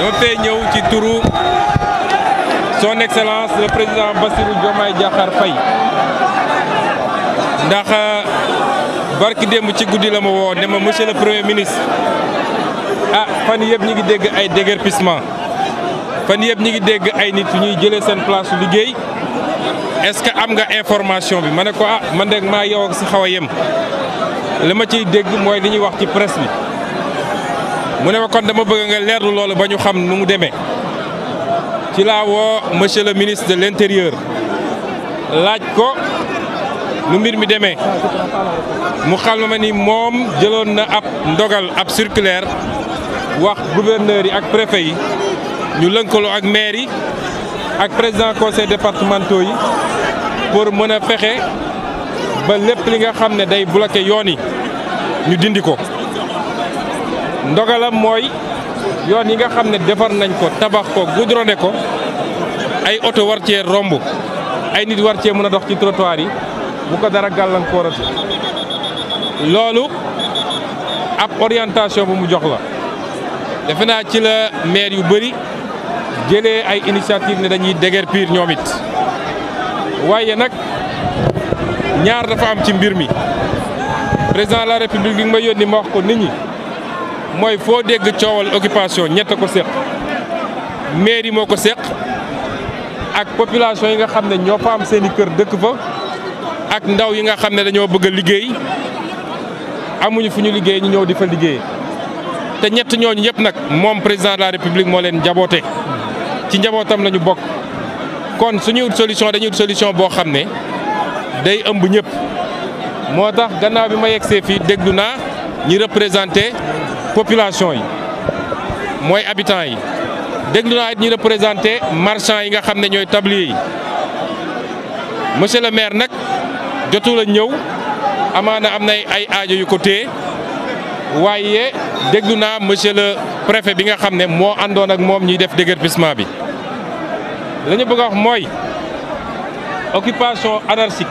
dama fee ñëw ci turu son excellence le président Bassirou Diomaye Diakhar fay ndax euh, barki démb ci guddi la ma woo ne ma monsieur le premier ministre ah fan yëpp ñu ngi dégg ay déguerpissement fan yëpp ñu ngi dégg ay nit ñuy jëlee seen place liggéey est-ce que am nga information bi ma ne ko ah man de maa yow ak si xaw a yem li ma ciy dégg mooy li ñuy wax ci presse bi. mu ne ma kon dama bëgg nga leerlu loolu ba ñu xam nu mu demee ci laa woo monsieur le ministre de l'intérieur laaj ko nu mbir mi demee mu xamal ma ni moom jëloon na ab ndogal ab circulaire wax gouverneur yi ak préfet yi ñu lënkaloo ak maire yi ak président conseil départementaux yi pour mën a fexe ba lépp li nga xam ne day bloqué yoon yi ñu dindi ko. ndogalam mooy yoon yi nga xam ne defar nañ ko tabax ko goudronné ko ay oto war cee romb ay nit war cee mën a dox ci trottoir yi bu ko dara gàllankoorati loolu ab orientation bu mu jox la defe naa ci la maire yu bari jëlee ay initiative ne dañuy déguerpir ñoom it waaye nag ñaar dafa am ci mbir mi président la république bi nga ma yónni ma wax ko nit ñi mooy foo dégg coowal occupation ñett ko seq mairie moo ko seq ak population yi nga xam ne ñoo fa am seen i kër dëkk fa ak ndaw yi nga xam ne dañoo bëgg liggéey amuñu fu ñu liggéey ñu ñëw di fa liggéey te ñett ñooñu yëpp nag moom président la république moo leen njaboote ci njabootam la ñu bokk kon suñu ut solution dañu ut solution boo xam ne day ëmb ñëpp moo tax gannaaw bi ma yegsee fii déglu naa ñi représenté population yi mooy habitants yi déglu naa it ñu représenté marchand yi nga xam ne ñooy tablier yi monsieur le maire nag jotul a ñëw amaana am na ay aajo yu ko téye waaye déglu naa monsieur le préfet bi nga xam ne moo àndoon ak moom ñuy def déguerpissement bi la ñu bëgg mooy occupation anarchique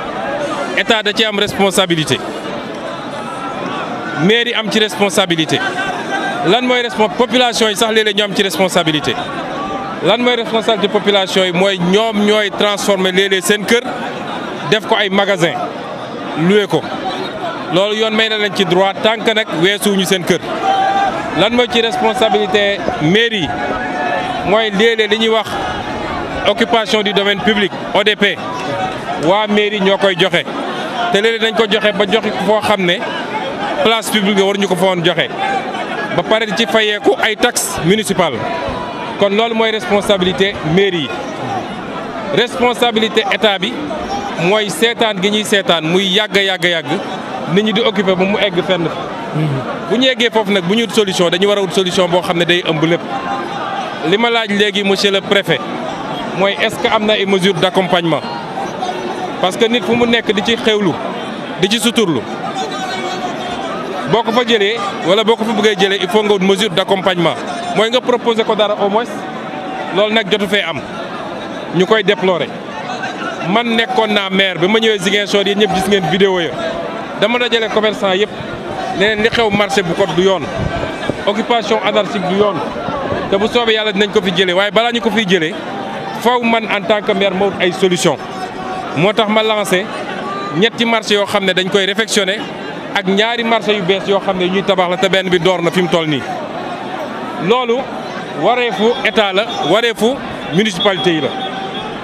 état da ci am responsabilité mairie am ci responsabilité lan mooy respons population yi sax léeg-léeg ci responsabilité lan mooy responsabilité population yi mooy ñoom ñooy transformer léeg seen kër def ko ay magasin loué ko loolu yoon may na leen ci droit tant que nag weesuwuñu seen kër lan mooy ci responsabilité mairie yi mooy léeg-léeg wax occupation du domaine public ODP waa mairie ñoo koy joxe te léeg dañ ko joxe ba joxe foo xam ne place publique war ñu ko foon joxe ba pare di ci fayeeku ay taxes municipales kon loolu mooy responsabilité mairie yi responsabilité état bi mooy seetaan gi ñuy seetaan muy yàgg yàgg yàgg nit ñi di occupé ba mu egg fenn bu ñu eggee foofu nag bu ñu solution dañu war a wut solution boo xam ne day ëmb lépp li ma laaj léegi monsieur le préfet mooy est-ce que am na ay mesures d'accompagnement parce que nit fu mu nekk di ci xewlu di ci suturlu boo ko fa jëlee wala boo ko fa bëggee jëlee il faut nga wut mesure d' accompagnement mooy nga propose ko dara au moins loolu nag jotu fee am ñu koy déplorer. man nekkoon naa maire bi ma ñëwee Ziguinchor yéen ñëpp gis ngeen vidéo ya dama dajale commerçant yëpp ne leen li xew marché bu kot du yoon occupation anarchique du yoon te bu soobee yàlla dinañ ko fi jëlee waaye balaa ñu ko fiy jëlee faw man en tant que maire ma wut ay solution moo tax ma lancé ñetti marché yoo xam ne dañ koy réfectionné ak ñaari marché yu bees yoo xam ne ñuy tabax la te benn bi door na fi mu toll nii loolu wareefu état la wareefu municipalité yi la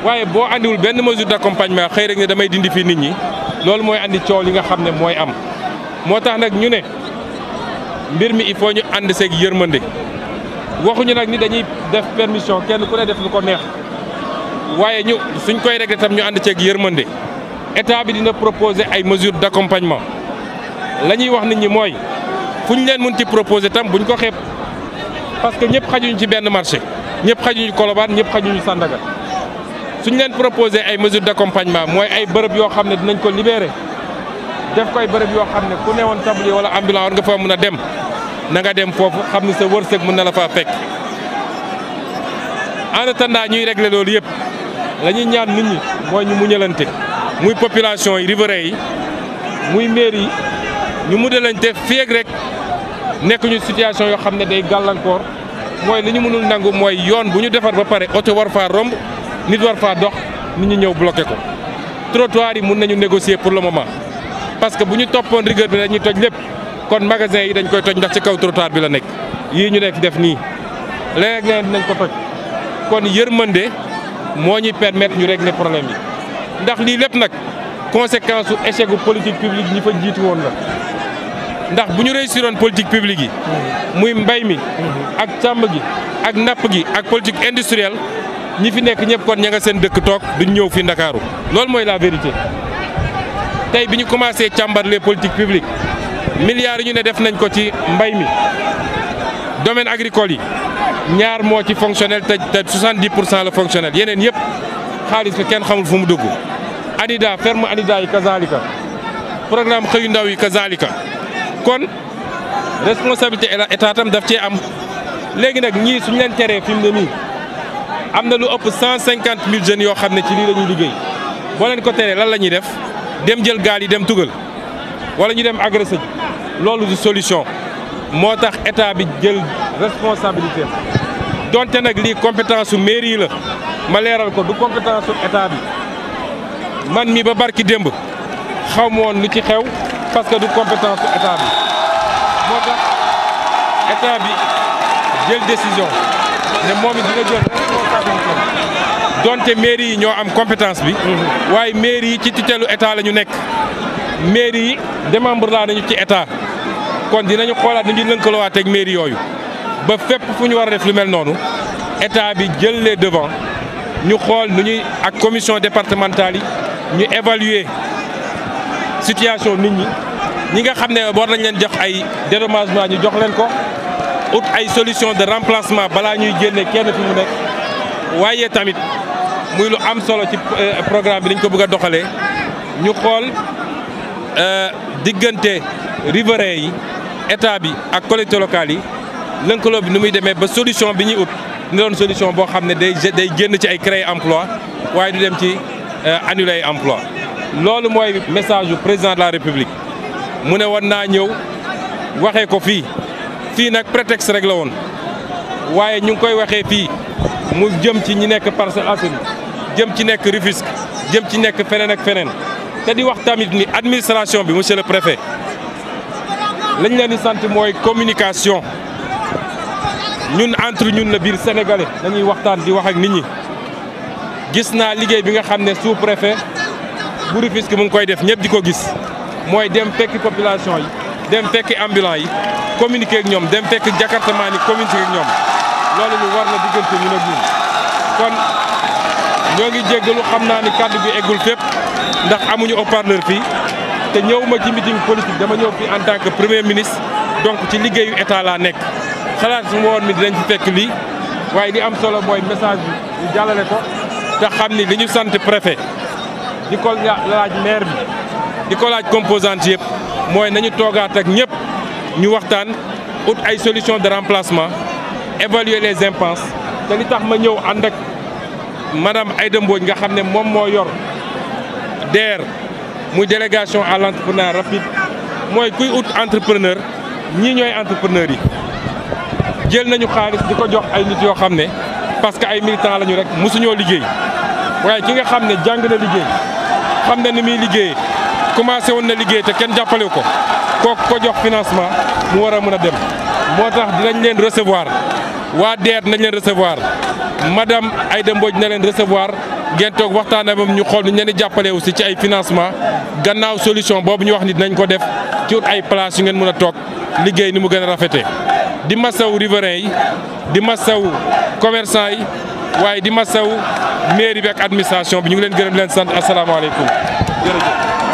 waaye boo andiwul benn mesure d'accompagnement xëy rek ne damay dindi fii nit ñi loolu mooy andi coow li nga xam ne mooy am moo tax nag ñu ne mbir mi il faut ñu ànd seeg yërmande waxuñu nag ni dañuy def permission kenn ku ne def lu ko neex waaye ñu suñ koy régler tam ñu ànd ceeg yërmande état bi dina proposer ay mesures d'accompagnement la ñuy wax nit ñi mooy fu ñu leen mën ci proposé tam ñu ko xeeb parce que ñëpp xajuñu ci benn marché ñëpp xajuñu Colobane ñëpp xajuñu Sandaga suñ leen proposé ay mesures d'accompagnement mooy ay bërëb yoo xam ne dinañ ko libéré def koy bërëb yoo xam ne ku newoon tablier wala ambulant war nga fa mën a dem na nga dem foofu xam ni sa wërsëg mun na la faa fekk en attendant ñuy régler loolu yëpp la ñuy ñaan nit ñi mooy ñu muñalante muy population yi riverains yi muy yi ñu muddalante fii ak rek nekkuñu ñu yoo xam ne day gàllankoor mooy li ñu mënul nangu mooy yoon bu ñu defar ba pare oto war faa romb nit war faa dox nit ñu ñëw bloqué ko trottoir yi mun nañu négocier pour le moment parce que bu ñu toppoon rigueur bi dañuy toj lépp kon magasin yi dañ koy toj ndax ci kaw trottoir bi la nekk yii ñu nekk def nii léeg leen dinañ ko toj kon yërmande moo ñuy permettre ñu régler problème yi ndax lii lépp nag conséquence su échec gu politique publique ñi fa jiitu woon la ndax bu ñu réussiroon politique publique yi muy mbay mi ak càmb gi ak napp gi ak politique industrielle ñi fi nekk ñëpp kon ña nga seen dëkk toog duñ ñëw fii Ndakaaru loolu mooy la vérité tey bi ñu commencé càmbarle les politiques publiques milliards ñu ne def nañ ko ci mbay mi domaine agricole yi ñaar moo ci fonctionnel te te 70 pour cent la fonctionnel yeneen yëpp xaalis bi kenn xamul fu mu dugg ANIDA ferme ANIDA yi kazalika programme xëyu ndaw yi kazalika kon responsabilité état tam daf cee am léegi nag ñii suñu leen teree fi ne nii am na lu ëpp cent cinquante mille jeunes yoo xam ne ci lii la ñuy liggéey boo leen ko teree lan la ñuy def dem jël gaal yi dem tugal wala ñu dem agressé ji loolu du solution moo tax état bi jël responsabilité donte nag lii compétence su mairie yi la ma leeral ko du compétence su état bi man mi ba barki démb xamoon lu ci xew parce que du compétence état bi moo tax état bi jël décision ne moom it dina jël donte mairie yi ñoo am compétence bi. Mhm. waaye mairie yi ci tutelu état la ñu nekk mairie yi démembre laa nañu ci état kon dinañu xoolaat nu ñuy lëkkaloowaat ak mairie yooyu ba fépp fu ñu war a def lu mel noonu état bi jël les devants ñu xool nu ñuy ak commission départementale yi ñu évaluer. situation nit ñi ñi nga xam ne war nañ leen jox ay dédommagement ñu jox leen ko ut ay solution de remplacement balaa ñuy génne kenn fi mu nekk waaye tamit muy lu am solo ci euh, programme bi dañ ko bëgg a doxalee ñu xool euh, diggante riverains yi état bi ak collectivités locales yi lënkaloo bi nu muy demee ba solution bi ñuy ut ni doon solution boo xam ne day day génn ci ay créer emploi waaye du dem ci euh, annule ay emploi loolu mooy message du président de la république mu ne war naa ñëw waxee ko fii fii nag prétexte rek la woon waaye ñu ngi koy waxee fii mu jëm ci ñi nekk Parcelles Assainies jëm ci nekk Rufisque jëm ci nekk feneen ak feneen te di wax tamit ni administration bi monsieur le préfet lañ leen di sant mooy communication ñun entre ñun la biir sénégalais dañuy waxtaan di wax ak nit ñi gis naa liggéey bi nga xam ne sous préfet bu Rufisque mu ngi koy def ñëpp di ko gis mooy dem fekki population yi dem fekki ambulant yi communiquer ak ñoom dem fekk jakartamaan yi communiquer ñoom loolu lu war na diggante ñun ak ñun kon ñoo ngi jéggalu xam naa ni kàddu bi eggul fépp ndax amuñu haut-parleur fii te ñëwuma ci meeting politique dama ñëw fii en tant que premier ministre donc ci liggéeyu état laa nekk xalaat su ma woon ni dinañ fi fekk lii waaye li am solo mooy message bi ñu jàllale ko te xam ni li ñu sant préfet di ko laaj maire bi di ko laaj composante yëpp mooy nañu toogaat ak ñëpp ñu waxtaan ut ay solution de remplacement évaluer les impenses te li tax ma ñëw ànd ak ay Aïda Mbodj nga xam ne moom moo yor DER muy délégation à l'entrepreneuriat rapide mooy kuy ut entrepreneur ñii ñooy entrepreneur yi jël nañu xaalis di ko jox ay nit yoo xam ne parce que ay militants lañu rek mosuñoo liggéey waaye ki nga xam ne jàng na liggéey xam na ni muy liggéey commencé woon na liggéey te kenn jàppale ko kook ko jox financement mu war a mën a dem moo tax dinañ leen recevoir waa DER nañ leen recevoir ay Aïda mbooj na leen recevoir ngeen toog waxtaan ak ñu xool ñu leen di aussi ci ay financement gannaaw solution boobu ñu wax ni dinañ ko def ci ay place yu ngeen mën a toog liggéey ni mu gën a rafete di masaw riverains yi di masaw commerçant yi waaye di masaw mairie bi ak administration bi ñu ngi leen gërëm leen sant asalaamaaleykum jërëjëf